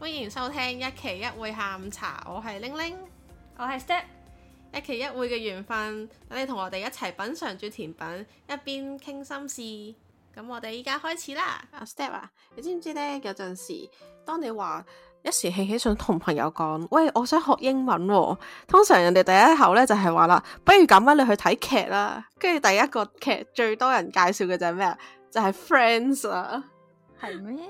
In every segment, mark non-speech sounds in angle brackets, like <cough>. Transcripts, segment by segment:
歡迎收聽一期一會下午茶，我係玲玲，我係是 Step，一期一會嘅緣分，等你同我哋一齊品嘗住甜品，一邊傾心事。咁我哋依家開始啦，阿 Step 啊，你知唔知呢？有陣時當你話，一時興起起想同朋友講，喂，我想學英文喎。通常人哋第一口咧就係話啦，不如咁啦，你去睇劇啦。跟住第一個劇最多人介紹嘅就係咩啊？就係、是、Friends 啦。係咩嗎？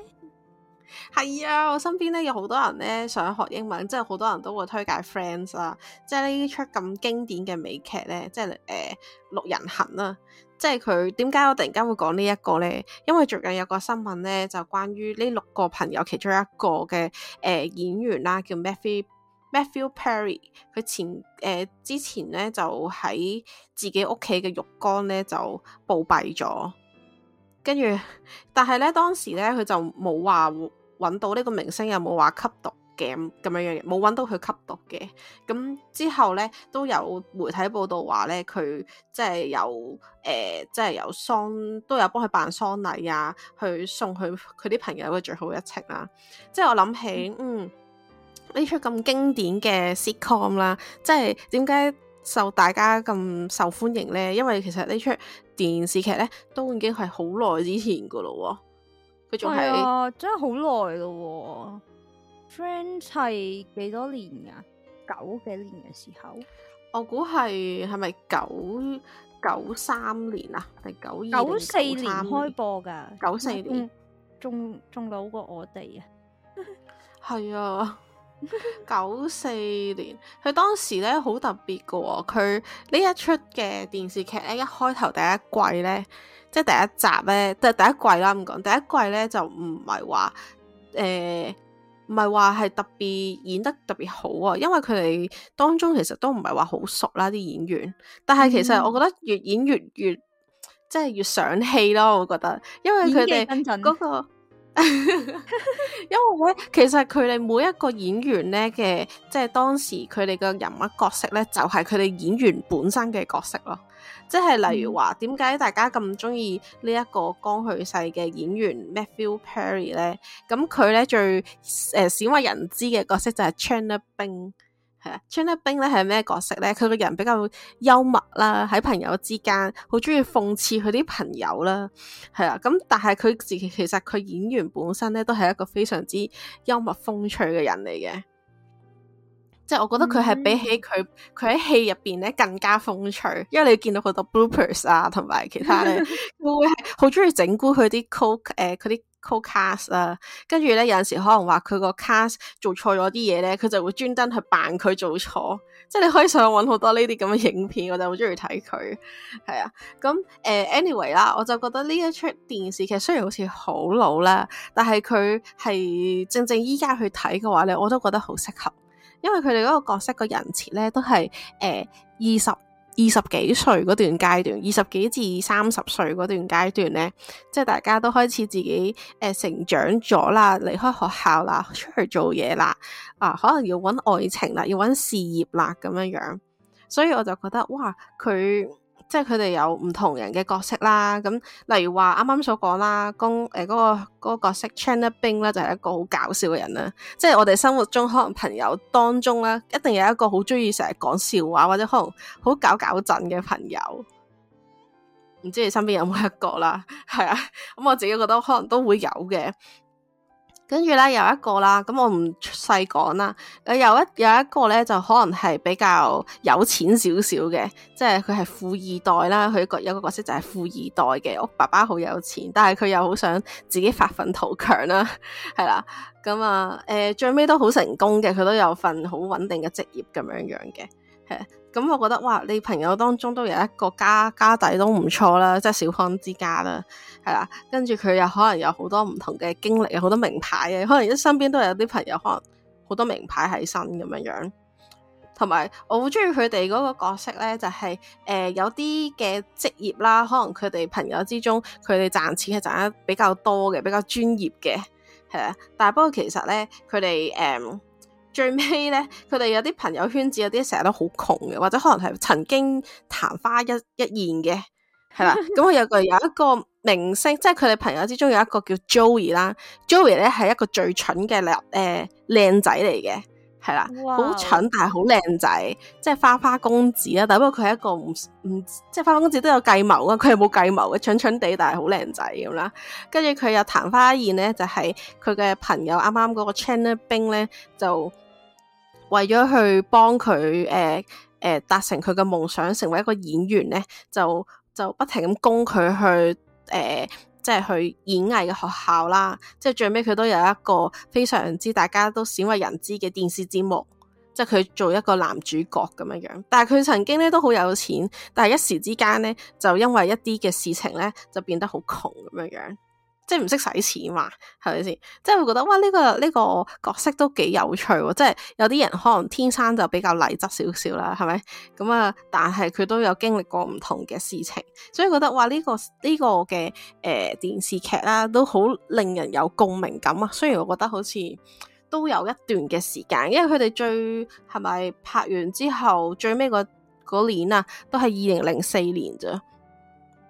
係啊，我身邊咧有好多人咧想學英文，即係好多人都會推介 Friends 啦。即係呢出咁經典嘅美劇咧，即係誒、呃、六人行啦、啊。即係佢點解我突然間會講呢一個咧？因為最近有個新聞咧，就關於呢六個朋友其中一個嘅誒、呃、演員啦，叫 Matthew Matthew Perry，佢前誒、呃、之前咧就喺自己屋企嘅浴缸咧就暴斃咗，跟住但係咧當時咧佢就冇話揾到呢個明星又冇話吸毒。game 咁樣樣冇揾到佢吸毒嘅。咁之後咧，都有媒體報道話咧，佢即係有誒，即、呃、係有喪，都有幫佢辦喪禮啊，去送佢佢啲朋友嘅最好一程啦。即係我諗起，嗯，呢、嗯、出咁經典嘅 sitcom 啦，com, 即係點解受大家咁受歡迎咧？因為其實呢出電視劇咧，都已經係好耐之前噶啦，佢仲係真係好耐咯。friend 係幾多年噶？九幾年嘅時候，我估係係咪九九三年啊？定九二九四年開播噶，九四年，仲仲老過我哋 <laughs> 啊！係啊，九四年，佢當時咧好特別噶，哦，佢呢一出嘅電視劇咧，一開頭第一季咧，即係第一集咧，即係第一季啦，咁講，第一季咧就唔係話誒。呃唔係話係特別演得特別好啊，因為佢哋當中其實都唔係話好熟啦，啊、啲演員，但係其實我覺得越演越越，越即係越上戲咯，我覺得，因為佢哋嗰個。 <laughs> 因為咧，其實佢哋每一個演員咧嘅，即係當時佢哋嘅人物角色咧，就係佢哋演員本身嘅角色咯。即係例如話，點解、嗯、大家咁中意呢一個剛去世嘅演員 Matthew Perry 咧？咁佢咧最誒鮮、呃、為人知嘅角色就係 Chandler Bing。係啊，Chandler Bing 咧係咩角色咧？佢 <noise> 個樂人比較幽默啦，喺朋友之間好中意諷刺佢啲朋友啦，係啊。咁但係佢自其實佢演員本身咧都係一個非常之幽默風趣嘅人嚟嘅。嗯、即係我覺得佢係比起佢佢喺戲入邊咧更加風趣，因為你見到好多 bloopers 啊，同埋其他咧，佢 <laughs> 會好中意整蠱佢啲 co 誒佢啲。呃 cast 啦，跟住咧有陣時可能話佢個 cast 做錯咗啲嘢咧，佢就會專登去扮佢做錯，即係你可以上去揾好多呢啲咁嘅影片，我就好中意睇佢，係啊，咁、呃、anyway 啦，我就覺得呢一出電視劇雖然好似好老啦，但係佢係正正依家去睇嘅話咧，我都覺得好適合，因為佢哋嗰個角色個人設咧都係誒二十。呃二十幾歲嗰段階段，二十幾至三十歲嗰段階段咧，即係大家都開始自己誒成長咗啦，離開學校啦，出去做嘢啦，啊，可能要搵愛情啦，要搵事業啦咁樣樣，所以我就覺得哇，佢～即係佢哋有唔同人嘅角色啦，咁例如話啱啱所講啦，公誒嗰、呃那個、那個角色 chain 兵咧就係、是、一個好搞笑嘅人啦。即係我哋生活中可能朋友當中咧，一定有一個好中意成日講笑話或者可能好搞搞震嘅朋友。唔知你身邊有冇一個啦？係啊，咁我自己覺得可能都會有嘅。跟住咧有一個啦，咁我唔細講啦。誒有一有一個咧，就可能係比較有錢少少嘅，即係佢係富二代啦。佢個有一個角色就係富二代嘅屋爸爸，好有錢，但係佢又好想自己發奮圖強啦，係 <laughs> 啦。咁啊誒、欸，最尾都好成功嘅，佢都有份好穩定嘅職業咁樣樣嘅。咁、嗯、我覺得哇，你朋友當中都有一個家家底都唔錯啦，即係小康之家啦，係啦。跟住佢又可能有好多唔同嘅經歷，好多名牌啊，可能一身邊都有啲朋友，可能好多名牌喺身咁樣樣。同埋我好中意佢哋嗰個角色咧，就係、是、誒、呃、有啲嘅職業啦，可能佢哋朋友之中，佢哋賺錢係賺得比較多嘅，比較專業嘅係啊。但係不過其實咧，佢哋誒。嗯最尾咧，佢哋有啲朋友圈子，有啲成日都好窮嘅，或者可能係曾經曇花一一現嘅，係啦。咁我有個有一個明星， <laughs> 即係佢哋朋友之中有一個叫 Joey, Joey 啦。Joey 咧係一個最蠢嘅男，誒、呃、靚仔嚟嘅，係啦，好蠢但係好靚仔，即係花花公子啦。但不過佢係一個唔唔，即係花花公子都有計謀啊，佢又冇計謀嘅，蠢蠢地但係好靚仔咁啦。跟住佢又曇花一現咧，就係佢嘅朋友啱啱嗰個 Chandler Bing 咧就。為咗去幫佢，誒誒達成佢嘅夢想，成為一個演員咧，就就不停咁供佢去，誒、呃、即係去演藝嘅學校啦。即係最尾，佢都有一個非常之大家都鮮為人知嘅電視節目，即係佢做一個男主角咁樣樣。但係佢曾經咧都好有錢，但係一時之間咧就因為一啲嘅事情咧就變得好窮咁樣樣。即係唔識使錢嘛，係咪先？即係會覺得哇，呢、這個呢、這個角色都幾有趣，即係有啲人可能天生就比較禮質少少啦，係咪？咁啊，但係佢都有經歷過唔同嘅事情，所以覺得哇，呢、這個呢、這個嘅誒、呃、電視劇啦、啊，都好令人有共鳴感啊！雖然我覺得好似都有一段嘅時間，因為佢哋最係咪拍完之後最尾個年啊，都係二零零四年啫。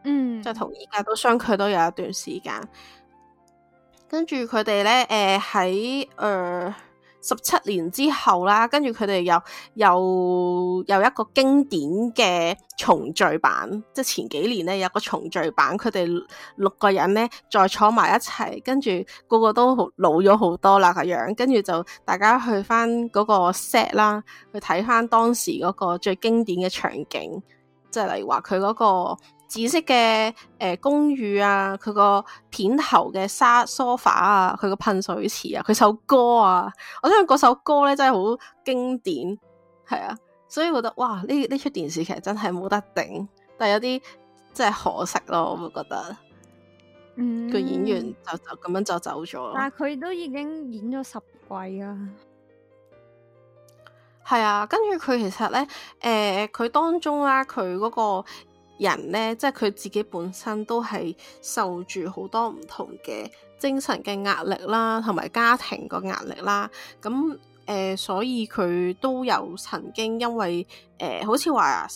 嗯，就同依家都相距都有一段時間，跟住佢哋咧，誒喺誒十七年之後啦，跟住佢哋又又又一個經典嘅重聚版，即係前幾年咧有個重聚版，佢哋六個人咧再坐埋一齊，跟住個個都老咗好多啦，個樣，跟住就大家去翻嗰個 set 啦，去睇翻當時嗰個最經典嘅場景，即係例如話佢嗰個。紫色嘅誒、呃、公寓啊，佢個片頭嘅沙梳化啊，佢個噴水池啊，佢首歌啊，我覺得嗰首歌咧真係好經典，係啊，所以覺得哇，呢呢出電視劇真係冇得頂，但係有啲真係可惜咯，我會覺得，佢、嗯、演員就就咁樣就走咗。但係佢都已經演咗十季啊，係啊，跟住佢其實咧，誒、呃，佢當中啦，佢嗰、那個。人咧，即係佢自己本身都係受住好多唔同嘅精神嘅壓力啦，同埋家庭個壓力啦。咁誒、呃，所以佢都有曾經因為誒、呃，好似話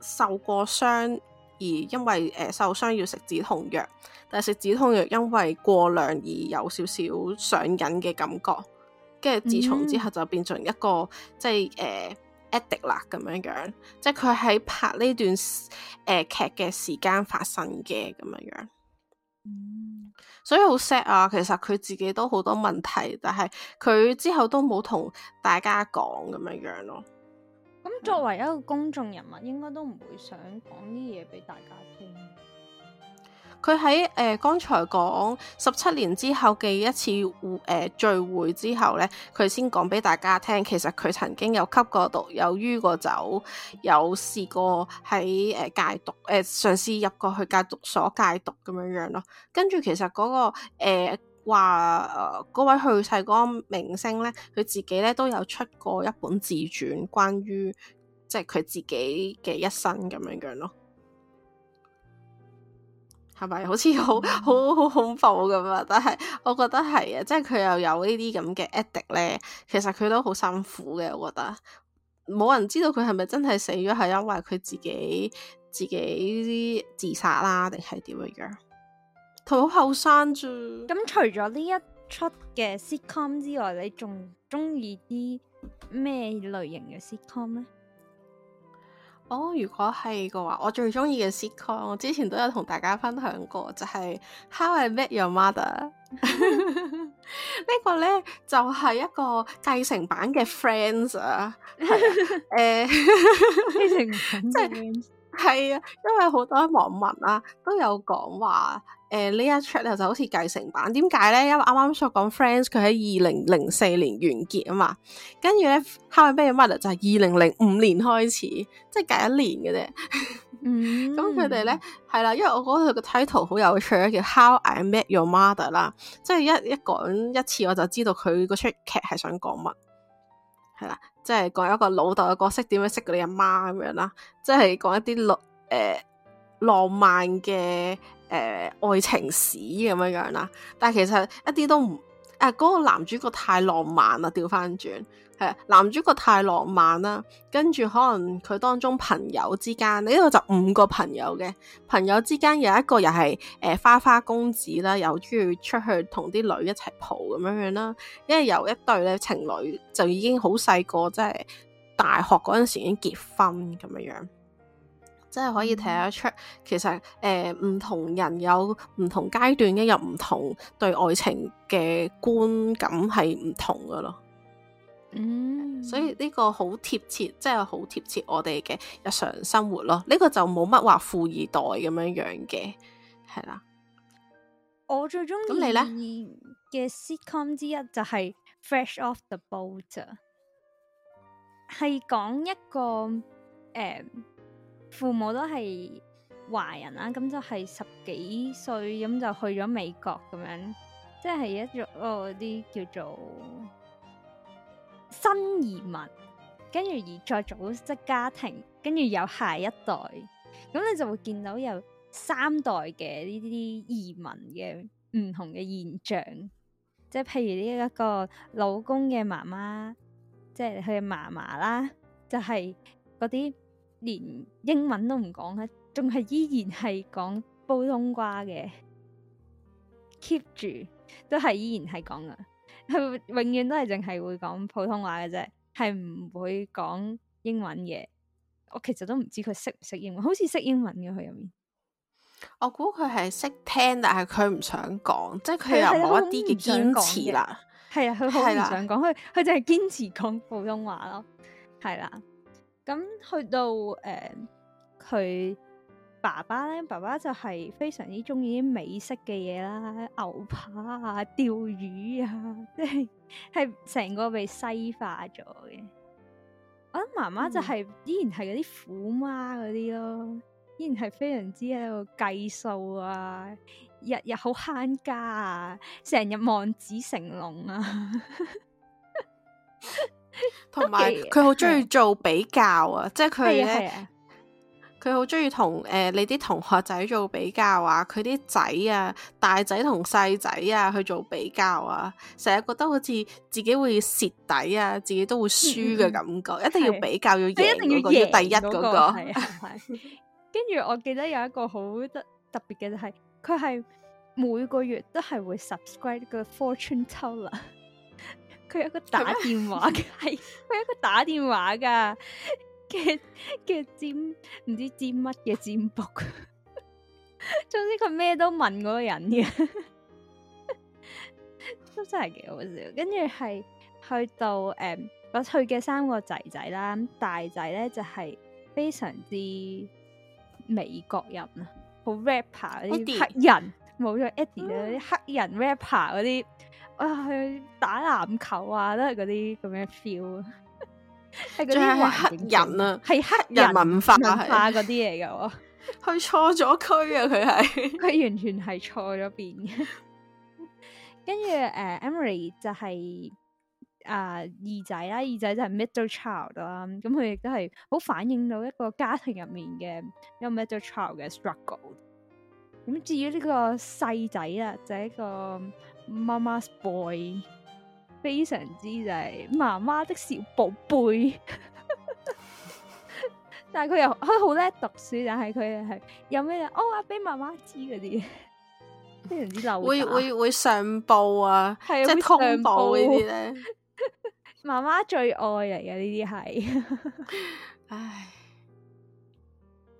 受過傷，而因為誒、呃、受傷要食止痛藥，但係食止痛藥因為過量而有少少上癮嘅感覺。跟住自從之後就變成一個、嗯、哼即係誒。呃 Eddie 啦咁樣樣，即係佢喺拍呢段誒劇嘅時間發生嘅咁樣樣，嗯、所以好 sad 啊！其實佢自己都好多問題，但係佢之後都冇同大家講咁樣樣咯。咁、嗯、作為一個公眾人物，應該都唔會想講啲嘢俾大家聽。佢喺誒，剛才講十七年之後嘅一次誒、呃、聚會之後咧，佢先講俾大家聽，其實佢曾經有吸過毒，有酗過酒，有試過喺誒、呃、戒毒誒、呃、嘗試入過去戒毒所戒毒咁樣樣咯。跟住其實、嗰個誒話誒嗰位去世嗰個明星咧，佢自己咧都有出過一本自傳，關於即係佢自己嘅一生咁樣樣咯。係咪好似、嗯、好好好恐怖咁啊？但係我覺得係啊，即係佢又有呢啲咁嘅 edit 咧，其實佢都好辛苦嘅。我覺得冇人知道佢係咪真係死咗，係因為佢自，自己自己啲自殺啦，定係點樣樣？好後生啫。咁除咗呢一出嘅 sitcom 之外，你仲中意啲咩類型嘅 sitcom 咧？哦，oh, 如果係嘅話，我最中意嘅 sitcom，我之前都有同大家分享過，就係、是、How I Met Your Mother <laughs> <laughs> <laughs> 呢。呢個咧就係、是、一個繼承版嘅 Friends 啊，誒、啊，即係係啊，因為好多網民啊都有講話。誒，呢、呃、一出咧就好似繼承版，點解咧？因為啱啱所講 Friends 佢喺二零零四年完結啊嘛，跟住咧 How I Met Your Mother 就係二零零五年開始，即係隔一年嘅啫。嗯、 <laughs> mm，咁佢哋咧係啦，因為我嗰套嘅 title 好有趣，叫 How I Met Your Mother 啦，即係一一講一次我就知道佢嗰出劇係想講乜，係啦，即係講一個老豆嘅角色點樣識你阿媽咁樣啦，即係講一啲老誒。呃浪漫嘅誒、呃、愛情史咁樣樣啦，但係其實一啲都唔誒嗰個男主角太浪漫啦，調翻轉係啊，男主角太浪漫啦，跟住可能佢當中朋友之間，呢度就五個朋友嘅朋友之間有一個又係誒花花公子啦，又中意出去同啲女一齊蒲咁樣樣啦，因為有一對咧情侶就已經好細個，即係大學嗰陣時已經結婚咁樣樣。真係可以睇得出，嗯、其實誒唔、呃、同人有唔同階段，一有唔同對愛情嘅觀感係唔同嘅咯。嗯，所以呢個好貼切，真係好貼切我哋嘅日常生活咯。呢、呢個就冇乜話富二代咁樣樣嘅，係啦。我最中意嘅 sitcom 之一就係《Fresh Off the Boat》，係講一個誒。呃父母都係華人啦，咁就係十幾歲咁就去咗美國咁樣，即係一種個啲、哦、叫做新移民，跟住而再組織家庭，跟住有下一代，咁你就會見到有三代嘅呢啲移民嘅唔同嘅現象，即係譬如呢一個老公嘅媽媽，即係佢嘅嫲嫲啦，就係嗰啲。連英文都唔講啊，仲係依然係講煲冬瓜嘅，keep 住都係依然係講啊，佢永遠都係淨係會講普通話嘅啫，係唔會講英文嘅。我其實都唔知佢識唔識英文，好似識英文嘅佢入面。我估佢係識聽，但係佢唔想講，即係佢又有一啲嘅堅持啦。係啊，佢好唔想講，佢佢淨係堅持講普通話咯，係啦。咁、嗯、去到誒佢、呃、爸爸咧，爸爸就係非常之中意啲美式嘅嘢啦，牛扒啊、釣魚啊，即係係成個被西化咗嘅。我諗媽媽就係、是嗯、依然係嗰啲虎媽嗰啲咯，依然係非常之喺度計數啊，日日好慳家啊，成日望子成龍啊。 <laughs> <laughs> 同埋佢好中意做比較啊，嗯、即係佢咧，佢好中意同誒你啲同學仔做比較啊，佢啲仔啊大仔同細仔啊去做比較啊，成日覺得好似自己會蝕底啊，自己都會輸嘅感覺，嗯、一定要比較、啊、要贏、嗰個，一要,要第一嗰、嗰個。係跟住我記得有一個好特特別嘅就係，佢係每個月都係會 subscribe 個 fortune teller 啦佢有一個打電話嘅，係佢什麼 <laughs> 有一個打電話噶嘅嘅占，唔知占乜嘅占卜。 <laughs> 總之佢咩都問嗰個人嘅， <laughs> 都真係幾好笑。跟住係去到誒、嗯，我去嘅三個仔仔啦，大仔咧就係、是、非常之美國人啊，好 rapper 啲黑人。冇咗 Eddie 嗰啲黑人 rapper 嗰啲、嗯、啊，去打籃球啊，都係嗰啲咁樣 feel 啊，係嗰啲黑人啊，係黑人文化化嗰啲嘢嘅，去錯咗區啊，佢係佢完全係錯咗邊嘅。跟住誒 Emily 就係、是、啊、呃、二仔啦，二仔就係 middle child 啦、啊，咁佢亦都係好反映到一個家庭入面嘅一個 middle child 嘅 struggle。咁至於呢個細仔啊，就係一個媽媽 boy，非常之就係媽媽的小寶貝。 <laughs> 但係佢又佢好叻讀書，但係佢係有咩嘢哦啊，俾媽媽知嗰啲，非常之漏會。會會會上報啊，即係通報呢啲咧。媽媽 <laughs> 最愛嚟嘅呢啲係， <laughs> 唉。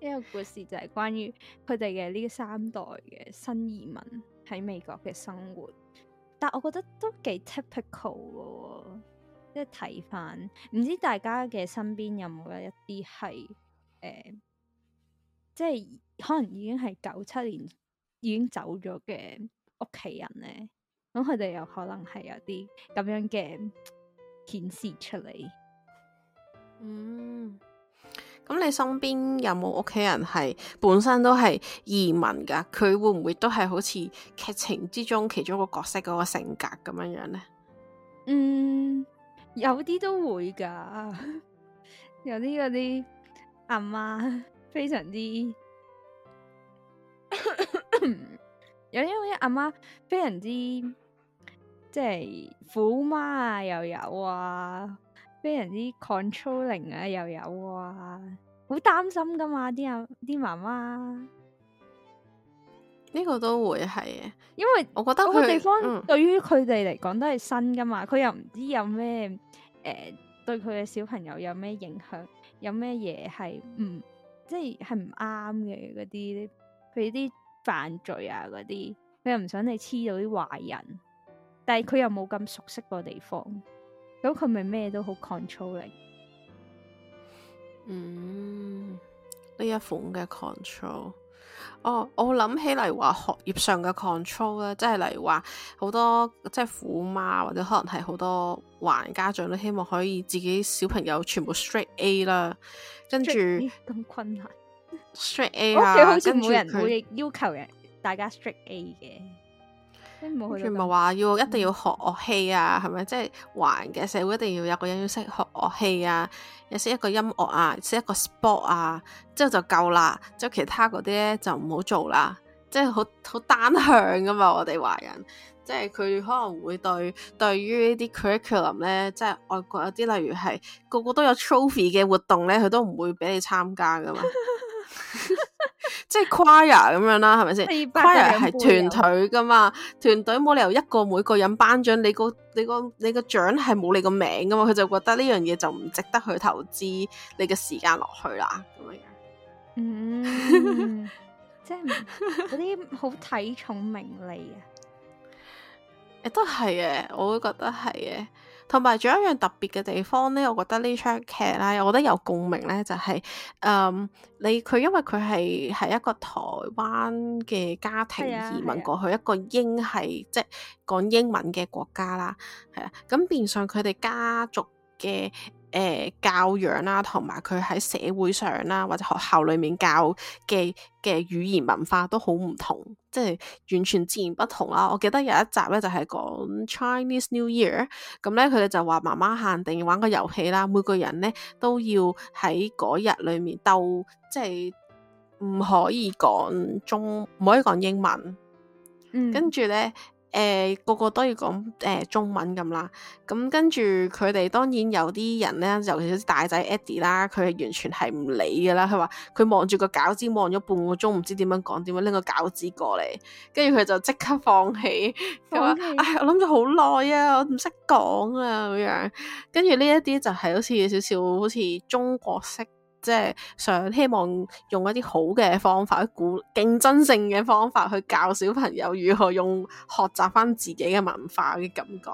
一個故事就係關於佢哋嘅呢三代嘅新移民喺美國嘅生活，但我覺得都幾 typical 嘅、哦，即係睇翻，唔知大家嘅身邊有冇有一啲係，誒、呃，即係可能已經係九七年已經走咗嘅屋企人咧，咁佢哋又可能係有啲咁樣嘅顯示出嚟，嗯。咁你身邊有冇屋企人係本身都係移民噶？佢會唔會都係好似劇情之中其中一個角色嗰個性格咁樣樣呢？嗯，有啲都會噶， <laughs> 有啲嗰啲阿媽非常之， <coughs> 有啲阿媽非常之，即係虎媽、啊、又有啊。畀人啲 controlling 啊，又有啊，好擔心噶嘛，啲阿啲媽媽，呢個都會係啊，因為我覺得個地方、嗯、對於佢哋嚟講都係新噶嘛，佢又唔知有咩誒、呃、對佢嘅小朋友有咩影響，有咩嘢係唔即係係唔啱嘅嗰啲，譬如啲犯罪啊嗰啲，佢又唔想你黐到啲壞人，但係佢又冇咁熟悉個地方。咁佢咪咩都好 control 嚟？嗯，呢一款嘅 control，哦，我諗起嚟話學業上嘅 control 咧，即係例如話好多即係虎媽或者可能係好多華人家長都希望可以自己小朋友全部 stra A straight A 啦，跟住咁困難 <laughs> ，straight A 啊，哦、好似冇跟著 人會要求人他大家 straight A 嘅。全部話要一定要學樂器啊，係咪？即係華人嘅社會一定要有個人要識學樂器啊，又識一個音樂啊，識一個 sport 啊，啊，之後就夠啦。之後其他嗰啲咧就唔好做啦。即係好好單向噶嘛，我哋華人。即係佢可能會對對於呢啲 curriculum 咧，即係外國有啲例如係個個都有 trophy 嘅活動咧，佢都唔會俾你參加噶嘛。 <laughs> 即係 choir 咁樣啦，係咪先？choir 係團隊噶嘛，團隊冇理由一個每個人頒獎，你個你個你個獎係冇你個名噶嘛，佢就覺得呢樣嘢就唔值得去投資你嘅時間落去啦，咁樣。嗯， <laughs> 即係嗰啲好睇重名利啊！誒、欸，都係嘅，我都覺得係嘅。同埋仲有一樣特別嘅地方咧，我覺得呢出劇咧，我覺得有共鳴咧，就係、是，嗯，你佢因為佢係係一個台灣嘅家庭移民過去，啊啊、一個英係即係講英文嘅國家啦，係啊，咁變相佢哋家族嘅。誒、欸、教養啦、啊，同埋佢喺社會上啦、啊，或者學校裏面教嘅嘅語言文化都好唔同，即係完全自然不同啦、啊。我記得有一集咧就係、是、講 Chinese New Year，咁咧佢哋就話媽媽限定玩個遊戲啦，每個人咧都要喺嗰日裏面鬥，即係唔可以講中，唔可以講英文。嗯、跟住咧。誒、呃、個個都要講誒、呃、中文咁啦，咁跟住佢哋當然有啲人咧，尤其是啲大仔 Eddie 啦，佢係完全係唔理噶啦。佢話佢望住個餃子望咗半個鐘，唔知點樣講，點樣拎個餃子過嚟，跟住佢就即刻放棄。佢話、哎，我諗咗好耐啊，我唔識講啊咁樣。跟住呢一啲就係好似有少少好似中國式。即係想希望用一啲好嘅方法，去鼓競爭性嘅方法去教小朋友如何用學習翻自己嘅文化嘅感覺，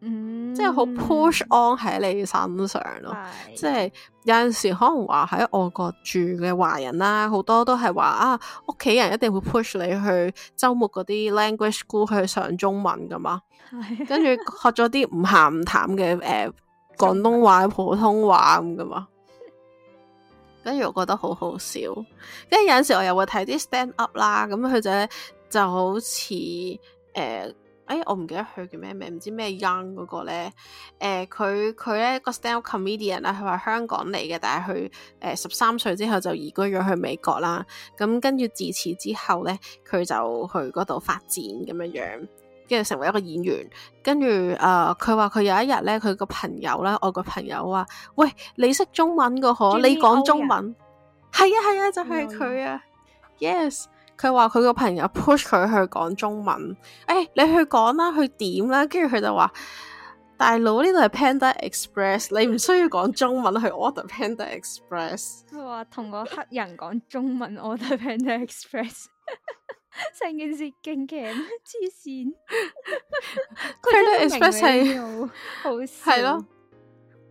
嗯、mm，hmm. 即係好 push on 喺你身上咯。Mm hmm. 即係有陣時可能話喺外國住嘅華人啦，好多都係話啊，屋企人一定會 push 你去周末嗰啲 language school 去上中文噶嘛，跟住 <laughs> 學咗啲唔鹹唔淡嘅誒廣東話普通話咁噶嘛。跟住我覺得好好笑，跟住有陣時我又會睇啲 stand up 啦，咁佢就咧就好似誒、呃，哎，我唔記得佢叫咩名，唔知咩 young 嗰個咧，誒佢佢咧個 stand up comedian 啦，佢話香港嚟嘅，但係佢誒十三歲之後就移居咗去美國啦，咁跟住自此之後咧，佢就去嗰度發展咁樣樣。跟住成為一個演員，跟住誒，佢話佢有一日咧，佢個朋友咧，我個朋友話，喂，你識中文嘅嗬？Jimmy 你講中文，係人啊係啊，就係、是、佢啊。嗯、Yes，佢話佢個朋友 push 佢去講中文，誒、哎，你去講啦，去點啦，跟住佢就話，大佬呢度係 Panda Express，你唔需要講中文 <laughs> 去 order Panda Express。佢話同個黑人講中文 order Panda Express。成件事勁勁，黐線。 <laughs> Panda Express 係好笑的，係咯，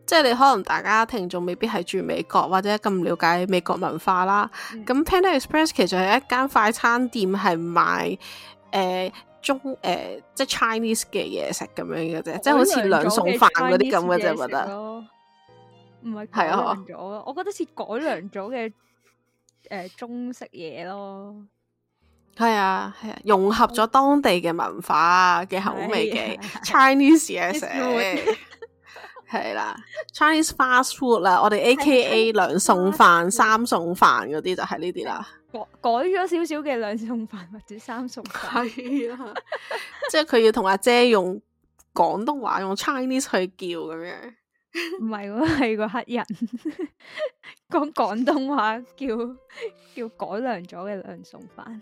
即係你可能大家聽眾未必係住美國或者咁了解美國文化啦。咁 <laughs> Panda Express 其實係一間快餐店，係賣誒中誒即係 Chinese 嘅嘢食咁樣嘅啫，即係好似兩餸飯嗰啲咁嘅啫，我覺得唔係，係啊，我我覺得似改良咗嘅誒中式嘢咯。係啊，係啊，融合咗當地嘅文化嘅口味嘅 Chinese 嘢食，係啦，Chinese fast food 啦，我哋 AKA 兩餸飯、三餸飯嗰啲就係呢啲啦，改改咗少少嘅兩餸飯或者三餸飯，係啦，即係佢要同阿姐用廣東話用 Chinese 去叫咁樣，唔係喎，係個黑人講廣東話叫叫改良咗嘅兩餸飯。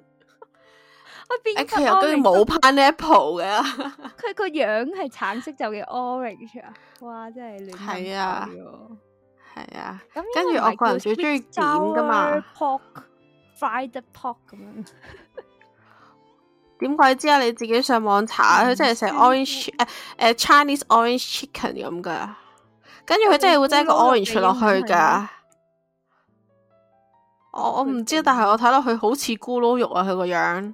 佢其實都要冇 pineapple 嘅，佢個樣係橙色就叫 orange 啊！哇，真係亂咁炒咗，係啊！咁跟住我個人少中意點噶嘛，pork fried pork 咁樣。點鬼知啊！你自己上網查，佢真係成 orange 誒誒 Chinese orange chicken 咁噶，跟住佢真係會整一個 orange 落去噶。我我唔知，但係我睇到佢好似咕嚕肉啊，佢個樣。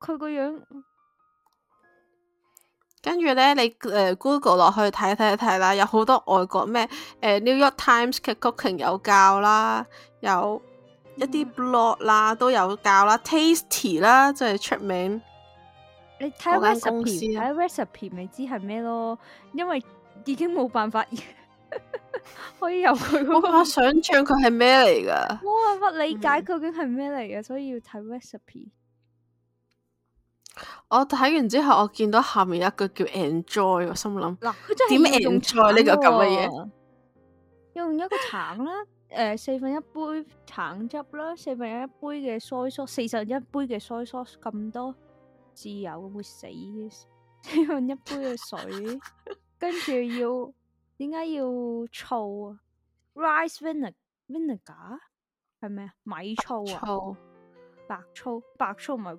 佢個樣，跟住咧，你誒、呃、Google 落去睇睇睇啦，有好多外國咩誒、呃、New York Times 嘅 Cooking 有教啦，有一啲 Blog 啦都有教啦、嗯、，Tasty 啦即係、就是、出名。你睇看下 recipe，睇下 recipe 咪知係咩咯？因為已經冇辦法 <laughs> 可以由佢、那個哦。我我想象佢係咩嚟噶？我唔理解究竟係咩嚟噶，嗯、所以要睇 recipe。我睇完之後，我見到下面一句叫 enjoy，我心諗，嗱、啊，佢真係點樣 enjoy 呢個咁嘅嘢，用一個橙啦，誒、 <laughs> 呃，四分一杯橙汁啦，四分一杯嘅 soy sauce，四十一杯嘅 soy sauce 咁多自由會死嘅，四分一杯嘅水， <laughs> 跟住要點解要醋啊？rice vinegar vinegar 係咩啊？米醋啊？白醋，白醋，白醋唔係。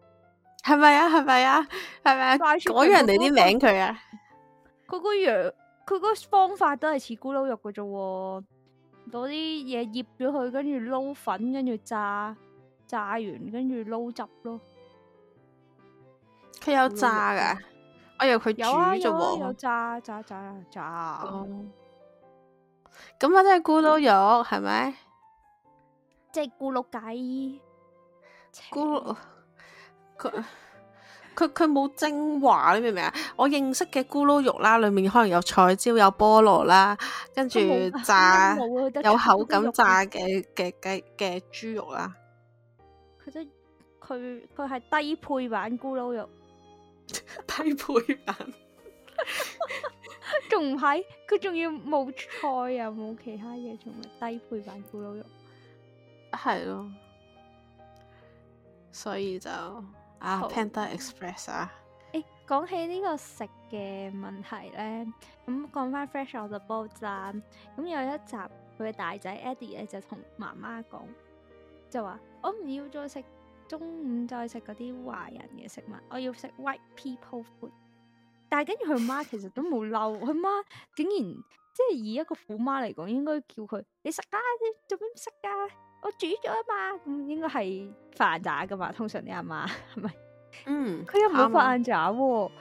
係咪啊？係咪啊？係咪啊？改拜託 人哋啲名佢啊？佢個樣，佢個方法都係似咕嚕肉嘅啫，哦，攞啲嘢醃咗佢，跟住撈粉，跟住炸，炸完跟住撈汁咯。佢有炸噶？哎喲佢有、啊有，啊、有啊，有炸炸炸炸。咁啊，真係、哦、咕嚕肉，係咪、嗯吧？即係咕嚕雞，咕嚕。佢冇 <laughs> 精華，你明唔明啊？我認識嘅咕嚕肉啦，裏面可能有彩椒、有菠蘿啦，跟住炸有，有，有口感炸嘅嘅嘅嘅豬肉啦。佢即係佢係低配版咕嚕肉， <laughs> 低配版仲唔係？佢仲要冇菜又、啊、冇其他嘢，仲係低配版咕嚕肉。係咯，所以就。 <laughs> Panda Express 啊！誒、欸，講起呢個食嘅問題咧，咁講翻《Fresh Off the Boat》。咁有一集佢嘅大仔 Eddie 咧就同媽媽講，就話我唔要再食中午再食嗰啲華人嘅食物，我要食 White People Food。但係跟住佢媽其實都冇嬲，佢 <laughs> 媽竟然即係以一個虎媽嚟講，應該叫佢你食啊，你做咩唔食啊？我煮咗啊嘛，咁應該係飯渣噶嘛，通常你阿媽係咪？是是嗯，佢又冇飯渣，佢、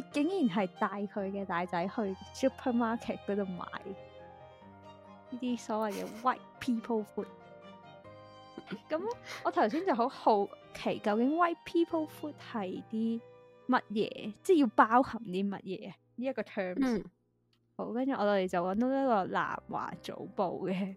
嗯、竟然係帶佢嘅大仔去 supermarket 嗰度買呢啲所謂嘅 white people food。咁 <laughs> 我頭先就好好奇，究竟 white people food 係啲乜嘢？即係要包含啲乜嘢啊？呢、這、一個 terms。嗯、好，跟住我哋就搵到一個南華早報嘅。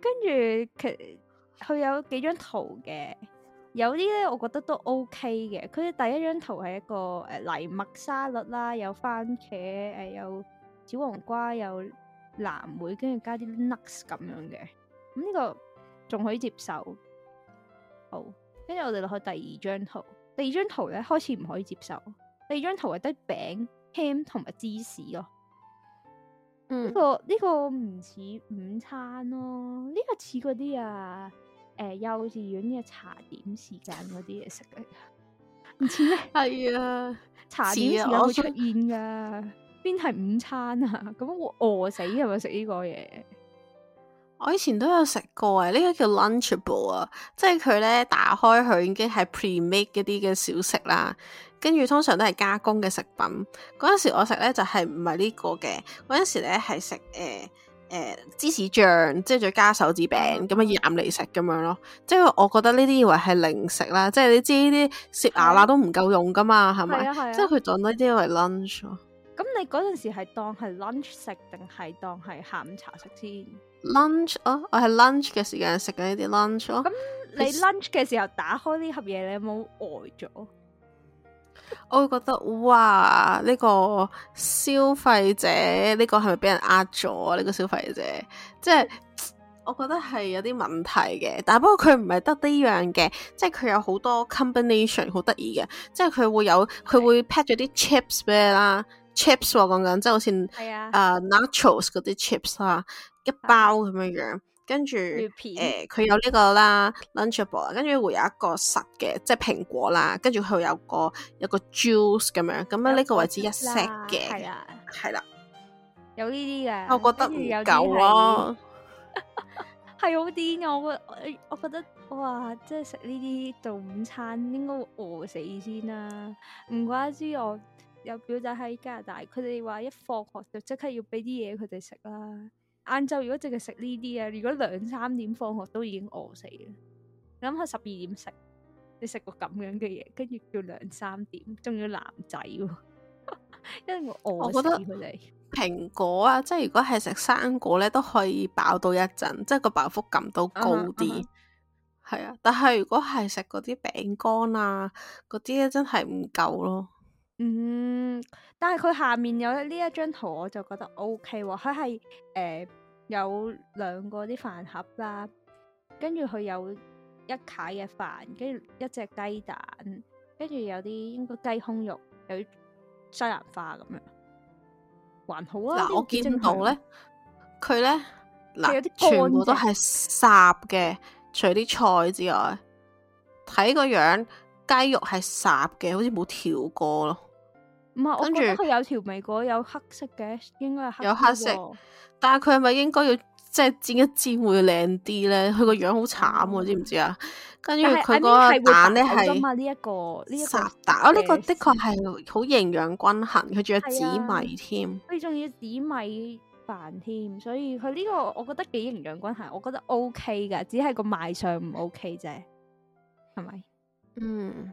跟住佢，佢 <laughs> 有幾張圖嘅，有啲咧，我覺得都 OK 嘅。佢第一張圖係一個誒，藜、呃、麥沙律啦，有番茄，誒、呃，有小黃瓜，有藍莓，跟住加啲 nuts 咁樣嘅。咁、嗯、呢、這個仲可以接受。好，跟住我哋落去第二張圖。第二張圖咧，開始唔可以接受。第二張圖係得餅、ham 同埋芝士咯。呢、嗯，這個呢、這個唔似午餐咯，哦，呢、這個似嗰啲啊，誒、呃、幼稚園嘅茶點時間嗰啲嘢食，唔似咩？係啊，茶點時間會出現噶，邊係想午餐啊？咁我餓死係咪食呢個嘢？我以前都有食過啊，呢、這個叫 lunchable 啊，即係佢咧打開佢已經係 pre-made 嗰啲嘅小食啦。跟住通常都係加工嘅食品。嗰陣時我食咧就係唔係呢個嘅。嗰陣時咧係食誒誒芝士醬，即係再加手指餅，咁啊蘸嚟食咁樣咯。即係我覺得呢啲以為係零食啦。即係你知呢啲塞牙罅都唔夠用噶嘛，係咪對？即係佢當呢啲為 lunch。咁你嗰陣時係當係 lunch 食定係當係下午茶食先？lunch 啊，午餐 oh, 我係 lunch 嘅時間食緊呢啲 lunch。咁你 lunch 嘅時候打開呢盒嘢，你有冇呆咗？我會覺得哇，呢、這個消費者呢、這個係咪俾人呃咗？呢、這個消費者，即係我覺得係有啲問題嘅。但係不過佢唔係得呢樣嘅，即係佢有好多 combination 好得意嘅，即係佢會有佢會 pack 咗啲 chips 咩啦，chips 話講緊即係好似係啊，誒 naturals 啲 chips 啦，一包咁樣樣。Yeah. 跟住，誒片，佢、欸、有呢個啦，Lunchable 跟住會有一個實嘅，即係蘋果啦，跟住佢有個有個 juice 咁樣，咁喺呢個位置一 set 嘅，係啦，有呢啲嘅，我覺得唔夠咯，係好癲，我我我覺得哇，即係食呢啲做午餐應該會餓死先啦。唔怪之我有表仔喺加拿大，佢哋話一放學就即刻要俾啲嘢佢哋食啦。晏晝如果淨係食呢啲啊，如果兩三點放學都已經餓死啦。諗下十二點食，你食過咁樣嘅嘢，跟住叫兩三點，仲要男仔， <laughs> 因為我餓死佢哋。蘋果啊，即係如果係食生果咧，都可以飽到一陣，即係個飽腹感都高啲。係、uh huh, uh huh. 啊，但係如果係食嗰啲餅乾啊，嗰啲咧真係唔夠咯。嗯，但係佢下面有呢一張圖，我就覺得 O K 喎，佢係誒。呃有兩個啲飯盒啦，跟住佢有一卡嘅飯，跟住一隻雞蛋，跟住有啲應該雞胸肉，有啲西蘭花咁樣，還好啊。嗱嘩，我見到咧，佢咧，嗱，有全部都係烚嘅，除啲菜之外，睇個樣，雞肉係烚嘅，好似冇調過咯。唔係、嗯，我覺得佢有條眉果有黑色嘅，應該係黑有黑色，但係佢係咪應該要即係剪一剪會靚啲咧？佢個樣好慘喎，知唔知啊？跟住佢個眼咧係呢一個呢一笪蛋。這個、打哦，呢、這個的確係好營養均衡，佢仲、啊、要紫米添，佢仲要紫米飯添，所以佢呢個我覺得幾營養均衡，我覺得 O K 噶，只係個賣相唔 O K 啫，係咪？嗯。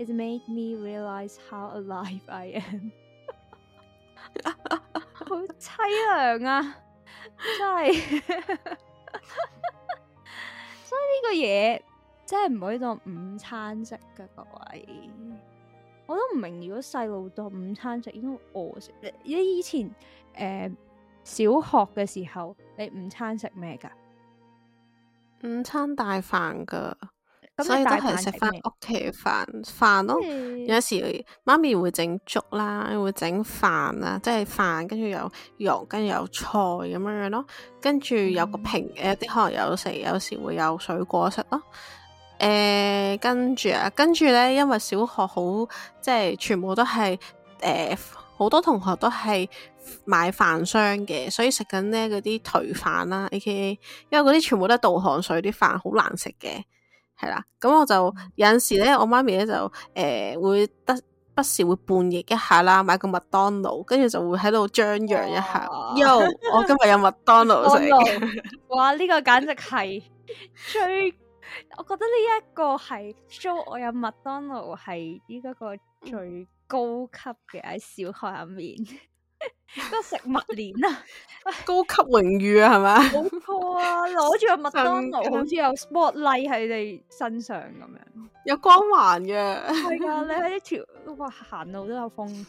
It made me realize how alive I am。好淒涼啊！真係，所以呢個嘢真係唔可以當午餐食噶，各位。我都唔明如果細路當午餐食，應該餓食。你以前誒小學嘅時候，你午餐食咩噶？午餐大飯噶。所以都係食翻屋企飯飯咯。嗯、有時媽咪會整粥啦，會整飯啊，即係飯跟住有肉，跟住有菜咁樣樣咯。跟住有個瓶嘅，啲、嗯呃、可能有食，有時會有水果食咯。誒、呃，跟住啊，跟住咧，因為小學好即係全部都係誒，好、呃、多同學都係買飯箱嘅，所以食緊咧嗰啲頹飯啦。A. K. A. 因為嗰啲全部都係倒汗水，啲飯好難食嘅。係啦，咁我就有陣時咧，我媽咪咧就誒、呃、會得不時會叛逆一下啦，買個麥當勞，跟住就會喺度張揚一下。又哇我今日有麥當勞食，哇！呢、這個簡直係最， <laughs> 我覺得呢一個係 show 我有麥當勞係呢個個最高級嘅喺小學入面。 <laughs> 都食物鏈啊， <laughs> 高級榮譽啊，係咪冇好錯啊！攞住個麥當勞，好似有 spotlight 喺你身上咁樣，有光環嘅。係 <laughs> 啊， <laughs> 你喺一條哇行路都有風。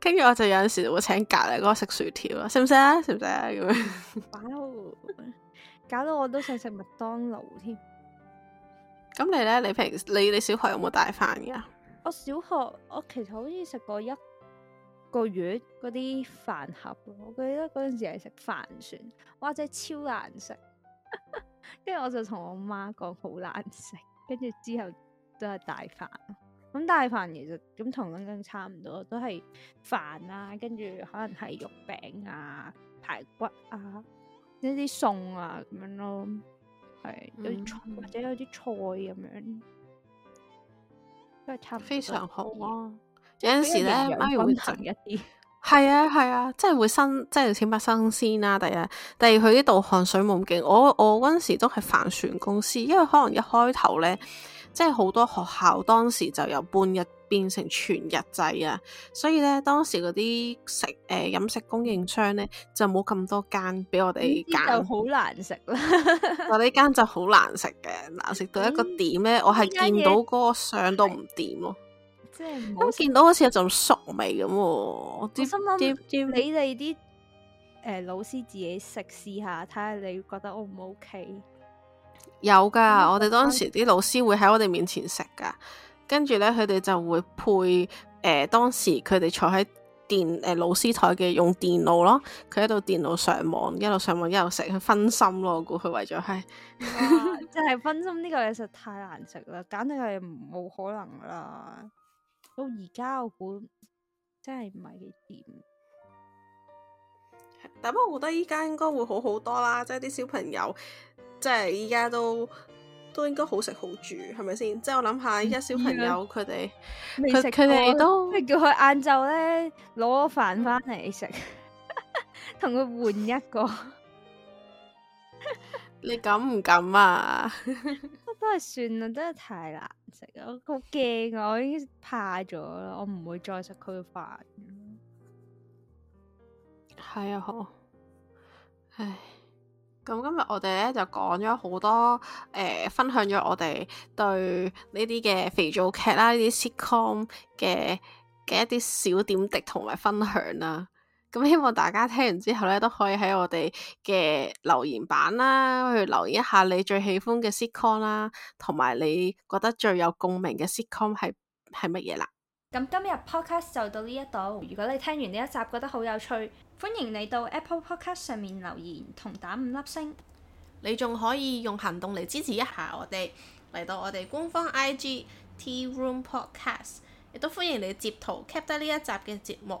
跟 <laughs> 住我就有陣時就會請隔籬嗰個食薯條啊，識唔識啊？識唔識啊？咁樣，搞到我都想食麥當勞添。咁你咧？你平你你小學有冇帶飯噶？我小學我其實好似食過一。個月嗰啲飯盒，我記得嗰陣時係食飯船，哇真係超難食，跟 <laughs> 住我就同我媽講好難食，跟住之後都係大飯，咁大飯其實咁同咁咁差唔多，都係飯啊。跟住可能係肉餅啊、排骨啊、一啲餸啊咁樣咯，係有啲菜，嗯、或者有啲菜咁樣，都係差唔多，非常好啊！有陣時咧，反而會平一啲。係啊係啊，即係、啊、會新，即係請翻新鮮啦、啊。第日，第二佢呢度汗水冇咁勁。我我嗰陣時都係帆船公司，因為可能一開頭咧，即係好多學校當時就由半日變成全日制啊。所以咧，當時嗰啲食誒飲、呃、食供應商咧，就冇咁多間俾我哋揀。就好難食啦！ <laughs> 我哋呢間就好難食嘅，難食到一個點咧，嗯、我係見到嗰個相都唔掂咯。即係我見到好似有陣熟味咁，我心諗你哋啲誒老師自己食試下，睇下你覺得 O 唔 O K？有噶的，嗯、我哋當時啲老師會喺我哋面前食噶，跟住咧佢哋就會配誒、呃，當時佢哋坐喺電誒、呃、老師台嘅用電腦咯，佢喺度電腦上網，一路上網一路食，佢分心咯。我估佢為咗係，真係哇 <laughs> 分心呢個嘢實太難食啦，簡直係冇可能啦。到而家我估真係唔係幾掂，但不過我覺得依家應該會好好多啦，即係啲小朋友，即係依家都都應該好食好住，係咪先？即係我諗下依家小朋友佢哋未食佢哋都叫佢晏晝咧攞飯翻嚟食，同佢換一個， <laughs> 你敢唔敢啊？ <laughs> 都係算啦，真係太難食啦，我好驚啊，我已經怕咗啦，我唔會再食佢嘅飯。係啊， <noise> 好。唉，咁今日我哋咧就講咗好多，誒、呃，分享咗我哋對呢啲嘅肥皂劇啦，呢啲 sitcom 嘅嘅一啲小點滴同埋分享啦。咁希望大家聽完之後咧，都可以喺我哋嘅留言板啦，去留言一下你最喜歡嘅 sitcom 啦，同埋你覺得最有共鳴嘅 sitcom 係係乜嘢啦？咁今日 podcast 就到呢一度。如果你聽完呢一集覺得好有趣，歡迎你到 Apple Podcast 上面留言同打五粒星。你仲可以用行動嚟支持一下我哋，嚟到我哋官方 IG Tea Room Podcast，亦都歡迎你截圖 cap 低呢一集嘅節目。